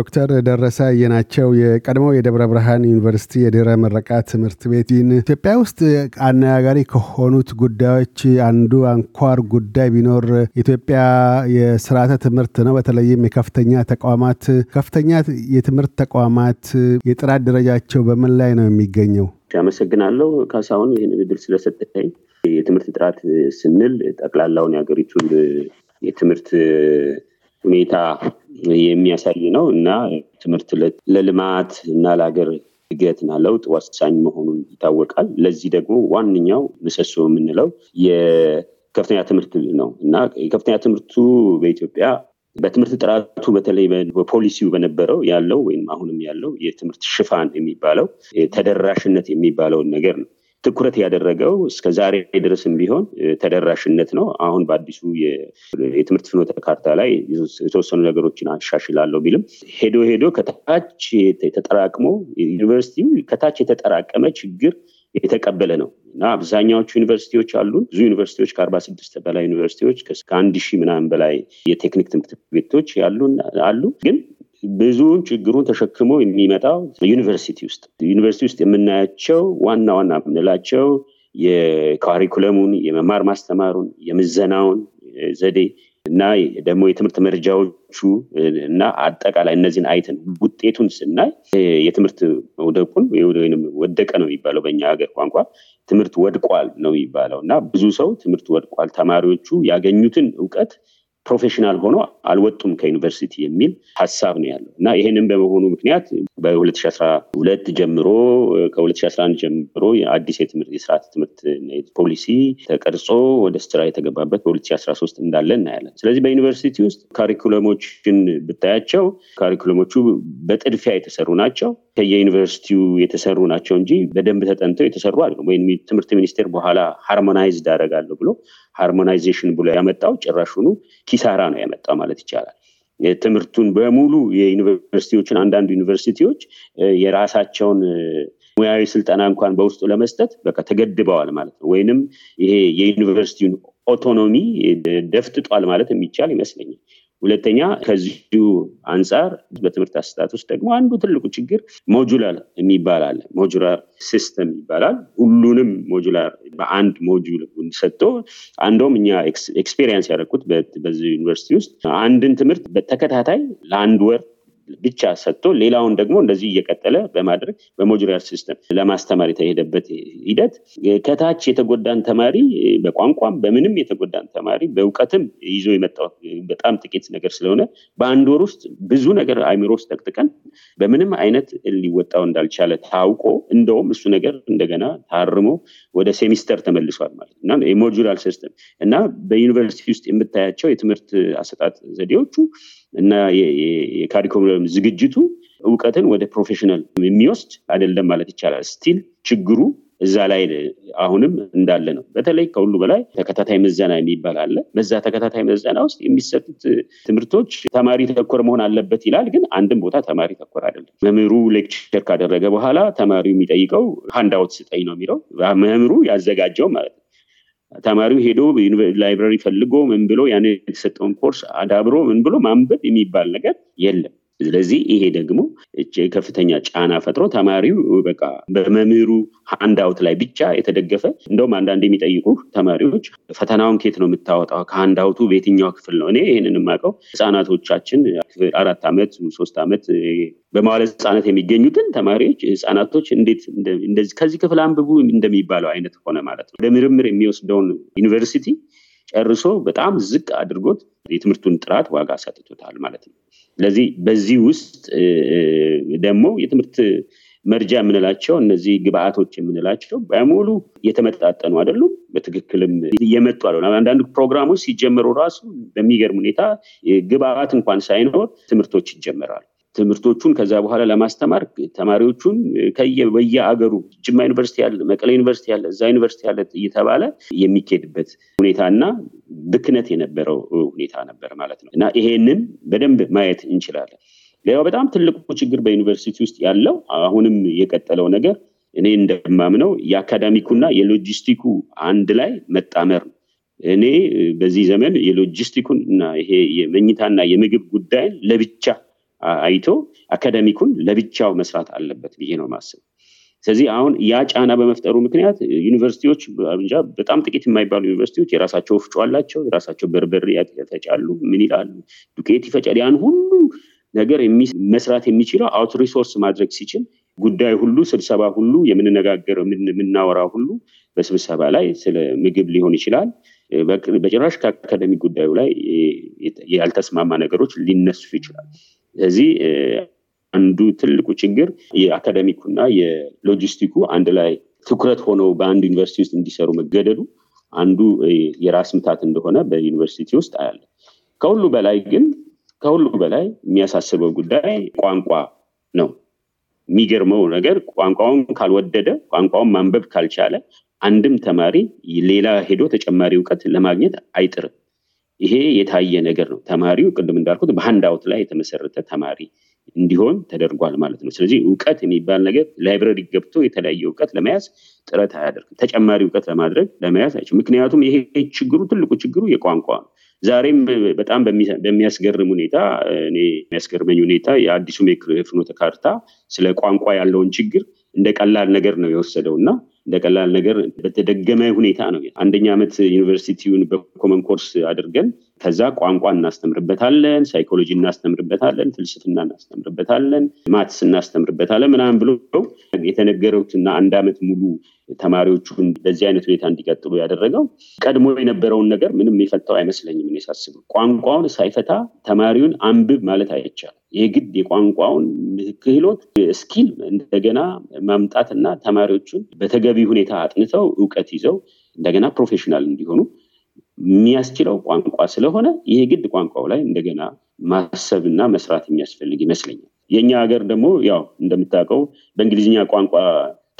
ዶክተር ደረሰ የናቸው የቀድሞው የደብረ ብርሃን ዩኒቨርሲቲ የድረ ምረቃ ትምህርት ቤት ኢትዮጵያ ውስጥ አነጋጋሪ ከሆኑት ጉዳዮች አንዱ አንኳር ጉዳይ ቢኖር ኢትዮጵያ የስርዓተ ትምህርት ነው። በተለይም የከፍተኛ ተቋማት ከፍተኛ የትምህርት ተቋማት የጥራት ደረጃቸው በምን ላይ ነው የሚገኘው? አመሰግናለሁ ካሳሁን ይህን እድል ስለሰጠኝ። የትምህርት ጥራት ስንል ጠቅላላውን የሀገሪቱን የትምህርት ሁኔታ የሚያሳይ ነው እና ትምህርት ለልማት እና ለሀገር እድገትና ለውጥ ወሳኝ መሆኑን ይታወቃል። ለዚህ ደግሞ ዋነኛው ምሰሶ የምንለው የከፍተኛ ትምህርት ነው እና የከፍተኛ ትምህርቱ በኢትዮጵያ በትምህርት ጥራቱ በተለይ በፖሊሲው በነበረው ያለው ወይም አሁንም ያለው የትምህርት ሽፋን የሚባለው ተደራሽነት የሚባለውን ነገር ነው። ትኩረት ያደረገው እስከ ዛሬ ድረስም ቢሆን ተደራሽነት ነው። አሁን በአዲሱ የትምህርት ፍኖተ ካርታ ላይ የተወሰኑ ነገሮችን አሻሽላለሁ ቢልም ሄዶ ሄዶ ከታች ተጠራቅሞ ዩኒቨርሲቲው ከታች የተጠራቀመ ችግር የተቀበለ ነው እና አብዛኛዎቹ ዩኒቨርሲቲዎች አሉ። ብዙ ዩኒቨርሲቲዎች ከአርባ ስድስት በላይ ዩኒቨርሲቲዎች ከአንድ ሺህ ምናምን በላይ የቴክኒክ ትምህርት ቤቶች ያሉ አሉ ግን ብዙውን ችግሩን ተሸክሞ የሚመጣው ዩኒቨርሲቲ ውስጥ ዩኒቨርሲቲ ውስጥ የምናያቸው ዋና ዋና የምንላቸው የካሪኩለሙን የመማር ማስተማሩን የምዘናውን ዘዴ እና ደግሞ የትምህርት መርጃዎቹ እና አጠቃላይ እነዚህን አይተን ውጤቱን ስናይ የትምህርት መውደቁን ወይም ወደቀ ነው የሚባለው በእኛ ሀገር ቋንቋ ትምህርት ወድቋል ነው የሚባለው እና ብዙ ሰው ትምህርት ወድቋል ተማሪዎቹ ያገኙትን እውቀት ፕሮፌሽናል ሆኖ አልወጡም ከዩኒቨርሲቲ የሚል ሀሳብ ነው ያለው እና ይህንን በመሆኑ ምክንያት በ2012 ጀምሮ ከ2011 ጀምሮ አዲስ የትምህርት የስርዓት ትምህርት ፖሊሲ ተቀርጾ ወደ ስራ የተገባበት በ2013 እንዳለ እናያለን። ስለዚህ በዩኒቨርሲቲ ውስጥ ካሪኩለሞችን ብታያቸው ካሪኩለሞቹ በጥድፊያ የተሰሩ ናቸው። ከየዩኒቨርሲቲው የተሰሩ ናቸው እንጂ በደንብ ተጠንተው የተሰሩ አለ ወይም ትምህርት ሚኒስቴር በኋላ ሃርሞናይዝድ አደርጋለሁ ብሎ ሃርሞናይዜሽን ብሎ ያመጣው ጭራሹኑ ኪሳራ ነው ያመጣው ማለት ይቻላል። ትምህርቱን በሙሉ የዩኒቨርሲቲዎችን አንዳንድ ዩኒቨርሲቲዎች የራሳቸውን ሙያዊ ስልጠና እንኳን በውስጡ ለመስጠት በቃ ተገድበዋል ማለት ነው። ወይንም ይሄ የዩኒቨርሲቲውን ኦቶኖሚ ደፍጥጧል ማለት የሚቻል ይመስለኛል። ሁለተኛ ከዚሁ አንጻር በትምህርት አስተጣት ውስጥ ደግሞ አንዱ ትልቁ ችግር ሞጁላር የሚባል አለ። ሞጁላር ሲስተም ይባላል። ሁሉንም ሞጁላር በአንድ ሞጁል ሰጥቶ አንደውም እኛ ኤክስፔሪንስ ያደረግኩት በዚህ ዩኒቨርሲቲ ውስጥ አንድን ትምህርት በተከታታይ ለአንድ ወር ብቻ ሰጥቶ ሌላውን ደግሞ እንደዚህ እየቀጠለ በማድረግ በሞጁላር ሲስተም ለማስተማር የተሄደበት ሂደት ከታች የተጎዳን ተማሪ በቋንቋም በምንም የተጎዳን ተማሪ በእውቀትም ይዞ የመጣው በጣም ጥቂት ነገር ስለሆነ በአንድ ወር ውስጥ ብዙ ነገር አይምሮ ውስጥ ጠቅጥቀን በምንም አይነት ሊወጣው እንዳልቻለ ታውቆ እንደውም እሱ ነገር እንደገና ታርሞ ወደ ሴሚስተር ተመልሷል ማለት እና የሞጁራል ሲስተም እና በዩኒቨርሲቲ ውስጥ የምታያቸው የትምህርት አሰጣጥ ዘዴዎቹ እና የካሪኩለም ዝግጅቱ እውቀትን ወደ ፕሮፌሽናል የሚወስድ አይደለም ማለት ይቻላል። ስቲል ችግሩ እዛ ላይ አሁንም እንዳለ ነው። በተለይ ከሁሉ በላይ ተከታታይ ምዘና የሚባል አለ። በዛ ተከታታይ ምዘና ውስጥ የሚሰጡት ትምህርቶች ተማሪ ተኮር መሆን አለበት ይላል። ግን አንድም ቦታ ተማሪ ተኮር አይደለም። መምህሩ ሌክቸር ካደረገ በኋላ ተማሪው የሚጠይቀው ሃንዳውት ስጠኝ ነው የሚለው መምህሩ ያዘጋጀው ማለት ነው። ተማሪው ሄዶ ላይብራሪ ፈልጎ ምን ብሎ ያን የተሰጠውን ኮርስ አዳብሮ ምን ብሎ ማንበብ የሚባል ነገር የለም ስለዚህ ይሄ ደግሞ ከፍተኛ ጫና ፈጥሮ ተማሪው በቃ በመምህሩ አንድ ላይ ብቻ የተደገፈ እንደውም አንዳንድ የሚጠይቁ ተማሪዎች ፈተናውን ኬት ነው የምታወጣው ከአንድ አውቱ በየትኛው ክፍል ነው እኔ ይህንን የማውቀው ህፃናቶቻችን አራት ዓመት ሶስት ዓመት በማዋለ ህጻናት የሚገኙትን ተማሪዎች ህጻናቶች እንዴት እንደዚህ ከዚህ ክፍል አንብቡ እንደሚባለው አይነት ሆነ ማለት ነው ለምርምር የሚወስደውን ዩኒቨርሲቲ ጨርሶ በጣም ዝቅ አድርጎት የትምህርቱን ጥራት ዋጋ ሰጥቶታል ማለት ነው። ስለዚህ በዚህ ውስጥ ደግሞ የትምህርት መርጃ የምንላቸው እነዚህ ግብአቶች የምንላቸው በሙሉ የተመጣጠኑ አይደሉም። በትክክልም እየመጡ አለ አንዳንድ ፕሮግራሞች ሲጀመሩ ራሱ በሚገርም ሁኔታ ግብአት እንኳን ሳይኖር ትምህርቶች ይጀመራሉ። ትምህርቶቹን ከዛ በኋላ ለማስተማር ተማሪዎቹን ከየ በየ አገሩ ጅማ ዩኒቨርሲቲ ያለ መቀለ ዩኒቨርሲቲ ያለ እዛ ዩኒቨርሲቲ ያለ እየተባለ የሚኬድበት ሁኔታ እና ብክነት የነበረው ሁኔታ ነበር ማለት ነው እና ይሄንን በደንብ ማየት እንችላለን። ሌላው በጣም ትልቁ ችግር በዩኒቨርሲቲ ውስጥ ያለው አሁንም የቀጠለው ነገር እኔ እንደማምነው የአካዳሚኩና የሎጂስቲኩ አንድ ላይ መጣመር ነው። እኔ በዚህ ዘመን የሎጂስቲኩን እና ይሄ የመኝታና የምግብ ጉዳይን ለብቻ አይቶ አካደሚኩን ለብቻው መስራት አለበት ብዬ ነው ማስብ። ስለዚህ አሁን ያ ጫና በመፍጠሩ ምክንያት ዩኒቨርሲቲዎች እንጃ በጣም ጥቂት የማይባሉ ዩኒቨርሲቲዎች የራሳቸው ወፍጮ አላቸው፣ የራሳቸው በርበሬ ያተጫሉ ምን ይላሉ፣ ዱቄት ይፈጫል። ያን ሁሉ ነገር መስራት የሚችለው አውት ሪሶርስ ማድረግ ሲችል ጉዳይ ሁሉ ስብሰባ ሁሉ የምንነጋገረው የምናወራ ሁሉ በስብሰባ ላይ ስለ ምግብ ሊሆን ይችላል። በጭራሽ ከአካደሚ ጉዳዩ ላይ ያልተስማማ ነገሮች ሊነሱ ይችላል። ስለዚህ አንዱ ትልቁ ችግር እና የሎጂስቲኩ አንድ ላይ ትኩረት ሆነው በአንድ ዩኒቨርሲቲ ውስጥ እንዲሰሩ መገደዱ አንዱ የራስ ምታት እንደሆነ በዩኒቨርሲቲ ውስጥ አያለ። ከሁሉ በላይ ግን ከሁሉ በላይ የሚያሳስበው ጉዳይ ቋንቋ ነው። የሚገርመው ነገር ቋንቋውን ካልወደደ ቋንቋውን ማንበብ ካልቻለ አንድም ተማሪ ሌላ ሄዶ ተጨማሪ እውቀት ለማግኘት አይጥርም። ይሄ የታየ ነገር ነው። ተማሪው ቅድም እንዳልኩት በሀንድ አውት ላይ የተመሰረተ ተማሪ እንዲሆን ተደርጓል ማለት ነው። ስለዚህ እውቀት የሚባል ነገር ላይብረሪ ገብቶ የተለያየ እውቀት ለመያዝ ጥረት አያደርግም። ተጨማሪ እውቀት ለማድረግ ለመያዝ አይችልም። ምክንያቱም ይሄ ችግሩ ትልቁ ችግሩ የቋንቋ ነው። ዛሬም በጣም በሚያስገርም ሁኔታ የሚያስገርመኝ ሁኔታ የአዲሱ ፍኖተ ካርታ ስለ ቋንቋ ያለውን ችግር እንደ ቀላል ነገር ነው የወሰደው እና እንደ ቀላል ነገር በተደገመ ሁኔታ ነው። አንደኛ ዓመት ዩኒቨርሲቲውን በኮመን ኮርስ አድርገን ከዛ ቋንቋ እናስተምርበታለን፣ ሳይኮሎጂ እናስተምርበታለን፣ ፍልስፍና እናስተምርበታለን፣ ማትስ እናስተምርበታለን ምናምን ብሎ የተነገሩትና አንድ ዓመት ሙሉ ተማሪዎቹን በዚህ አይነት ሁኔታ እንዲቀጥሉ ያደረገው ቀድሞ የነበረውን ነገር ምንም የፈታው አይመስለኝም። እኔ ቋንቋውን ሳይፈታ ተማሪውን አንብብ ማለት አይቻልም። የግድ የቋንቋውን ክህሎት ስኪል እንደገና ማምጣትና ተማሪዎቹን በተገቢ ሁኔታ አጥንተው እውቀት ይዘው እንደገና ፕሮፌሽናል እንዲሆኑ የሚያስችለው ቋንቋ ስለሆነ ይሄ ግድ ቋንቋው ላይ እንደገና ማሰብና መስራት የሚያስፈልግ ይመስለኛል። የእኛ ሀገር ደግሞ ያው እንደምታውቀው በእንግሊዝኛ ቋንቋ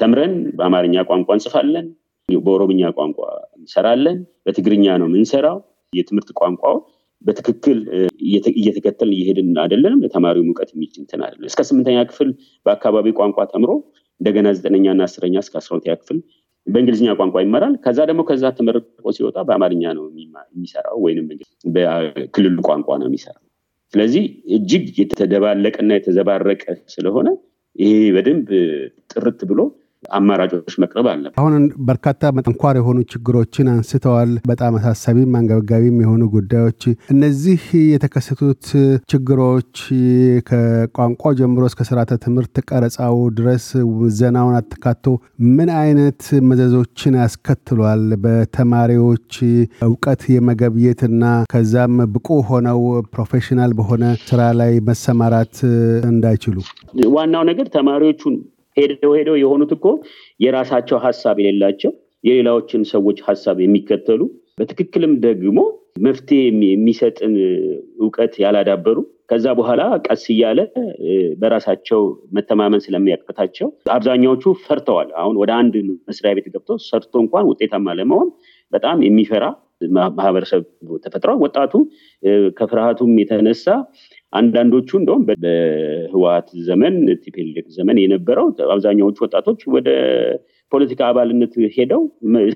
ተምረን በአማርኛ ቋንቋ እንጽፋለን፣ በኦሮምኛ ቋንቋ እንሰራለን፣ በትግርኛ ነው የምንሰራው። የትምህርት ቋንቋው በትክክል እየተከተልን እየሄድን አደለንም ለተማሪው ሙቀት የሚችንትን እንትን እስከ ስምንተኛ ክፍል በአካባቢ ቋንቋ ተምሮ እንደገና ዘጠነኛና አስረኛ እስከ አስራ ክፍል በእንግሊዝኛ ቋንቋ ይመራል። ከዛ ደግሞ ከዛ ተመርቆ ሲወጣ በአማርኛ ነው የሚሰራው ወይም በክልሉ ቋንቋ ነው የሚሰራ ስለዚህ እጅግ የተደባለቀና የተዘባረቀ ስለሆነ ይሄ በደንብ ጥርት ብሎ አማራጮች መቅረብ አለ። አሁን በርካታ አንኳር የሆኑ ችግሮችን አንስተዋል። በጣም አሳሳቢም አንገብጋቢም የሆኑ ጉዳዮች። እነዚህ የተከሰቱት ችግሮች ከቋንቋ ጀምሮ እስከ ስርዓተ ትምህርት ቀረጻው ድረስ ዘናውን አተካቶ ምን አይነት መዘዞችን ያስከትሏል? በተማሪዎች እውቀት የመገብየትና ከዛም ብቁ ሆነው ፕሮፌሽናል በሆነ ስራ ላይ መሰማራት እንዳይችሉ ዋናው ነገር ተማሪዎቹን ሄደው ሄደው የሆኑት እኮ የራሳቸው ሀሳብ የሌላቸው የሌላዎችን ሰዎች ሀሳብ የሚከተሉ በትክክልም ደግሞ መፍትሄ የሚሰጥን እውቀት ያላዳበሩ ከዛ በኋላ ቀስ እያለ በራሳቸው መተማመን ስለሚያቅታቸው አብዛኛዎቹ ፈርተዋል። አሁን ወደ አንድ መስሪያ ቤት ገብቶ ሰርቶ እንኳን ውጤታማ ለመሆን በጣም የሚፈራ ማህበረሰብ ተፈጥሯል። ወጣቱ ከፍርሃቱም የተነሳ አንዳንዶቹ እንደውም በህወሀት ዘመን ቲፔሌክ ዘመን የነበረው አብዛኛዎቹ ወጣቶች ወደ ፖለቲካ አባልነት ሄደው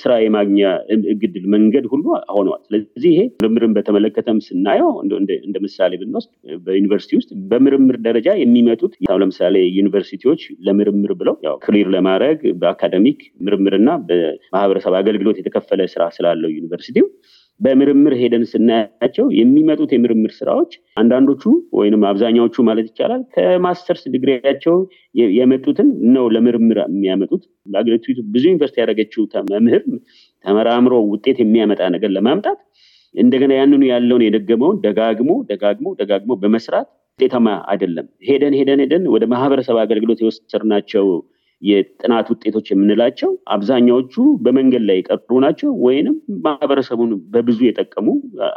ስራ የማግኛ እግድል መንገድ ሁሉ ሆነዋል። ስለዚህ ይሄ ምርምርን በተመለከተም ስናየው እንደ ምሳሌ ብንወስድ በዩኒቨርሲቲ ውስጥ በምርምር ደረጃ የሚመጡት ለምሳሌ ዩኒቨርሲቲዎች ለምርምር ብለው ያው ክሊር ለማድረግ በአካደሚክ ምርምርና በማህበረሰብ አገልግሎት የተከፈለ ስራ ስላለው ዩኒቨርሲቲው በምርምር ሄደን ስናያቸው የሚመጡት የምርምር ስራዎች አንዳንዶቹ ወይም አብዛኛዎቹ ማለት ይቻላል ከማስተርስ ድግሪያቸው የመጡትን ነው ለምርምር የሚያመጡት። ለአገሪቱ ብዙ ዩኒቨርሲቲ ያደረገችው መምህር ተመራምሮ ውጤት የሚያመጣ ነገር ለማምጣት እንደገና ያንኑ ያለውን የደገመውን ደጋግሞ ደጋግሞ ደጋግሞ በመስራት ውጤታማ አይደለም። ሄደን ሄደን ሄደን ወደ ማህበረሰብ አገልግሎት የወሰድናቸው የጥናት ውጤቶች የምንላቸው አብዛኛዎቹ በመንገድ ላይ የቀሩ ናቸው ወይንም ማህበረሰቡን በብዙ የጠቀሙ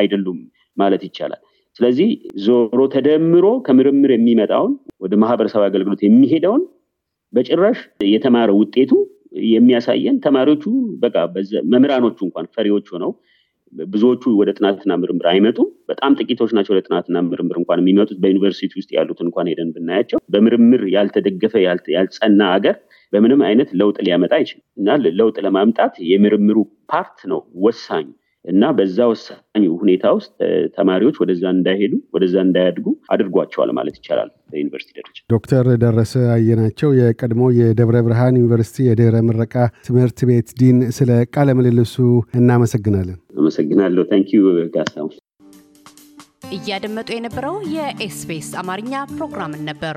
አይደሉም ማለት ይቻላል። ስለዚህ ዞሮ ተደምሮ ከምርምር የሚመጣውን ወደ ማህበረሰብ አገልግሎት የሚሄደውን በጭራሽ የተማረ ውጤቱ የሚያሳየን ተማሪዎቹ በቃ መምህራኖቹ እንኳን ፈሪዎቹ ነው ብዙዎቹ ወደ ጥናትና ምርምር አይመጡም። በጣም ጥቂቶች ናቸው ወደ ጥናትና ምርምር እንኳን የሚመጡት። በዩኒቨርሲቲ ውስጥ ያሉት እንኳን ሄደን ብናያቸው በምርምር ያልተደገፈ ያልጸና ሀገር በምንም አይነት ለውጥ ሊያመጣ አይችልም እና ለውጥ ለማምጣት የምርምሩ ፓርት ነው ወሳኝ እና በዛ ወሳኝ ሁኔታ ውስጥ ተማሪዎች ወደዛ እንዳይሄዱ ወደዛ እንዳያድጉ አድርጓቸዋል ማለት ይቻላል። በዩኒቨርሲቲ ደረጃ ዶክተር ደረሰ አየናቸው የቀድሞ የደብረ ብርሃን ዩኒቨርሲቲ የድህረ ምረቃ ትምህርት ቤት ዲን፣ ስለ ቃለ ምልልሱ እናመሰግናለን። አመሰግናለሁ። ታንኪዩ ጋሳው። እያደመጡ የነበረው የኤስቢኤስ አማርኛ ፕሮግራምን ነበር።